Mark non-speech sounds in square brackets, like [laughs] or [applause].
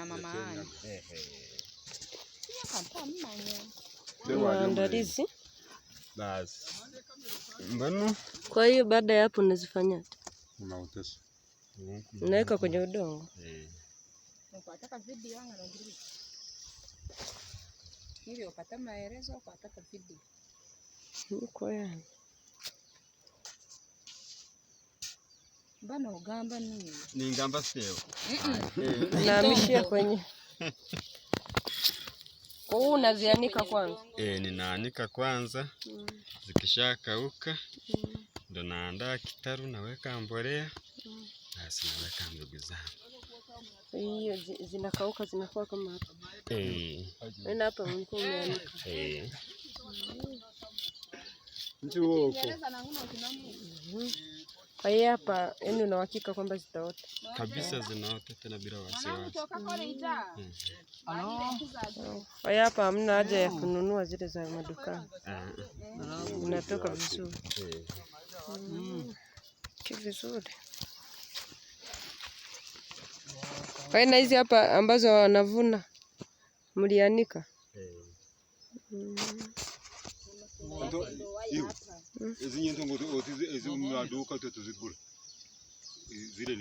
na mama Anne akamanya maandalizi mbona. Kwa hiyo baada ya hapo unazifanya unaweka kwenye udongo eh. hivyo, upata maelezo kwa ataka video. Niko yani Mbana ugamba nini? Ningamba sio. Eh. Naamishia [laughs] kwenye. Kwa hiyo unazianika kwanza? Eh, ninaanika kwanza. Mm. Zikishakauka mm. ndo naandaa kitaru naweka mbolea. Mm. Basi naweka mbegu zangu. Hiyo zinakauka zinakuwa kama hapa. Eh. Wewe hapa mlikuwa unaanika. Eh. Mtu wako. Mhm. Kwa hiyo hapa yani una uhakika kwamba zitaota kabisa, zinaota tena bila wasiwasi. Mm. Mm. Kwa hiyo hapa hamna haja ya kununua zile za maduka, ah, ah. unatoka vizuri mm. ki vizuri. Kwa hiyo na hizi hapa ambazo wanavuna mlianika? Eh izi nyendo ngo oh, izi mu maduka tutuzigura zile ni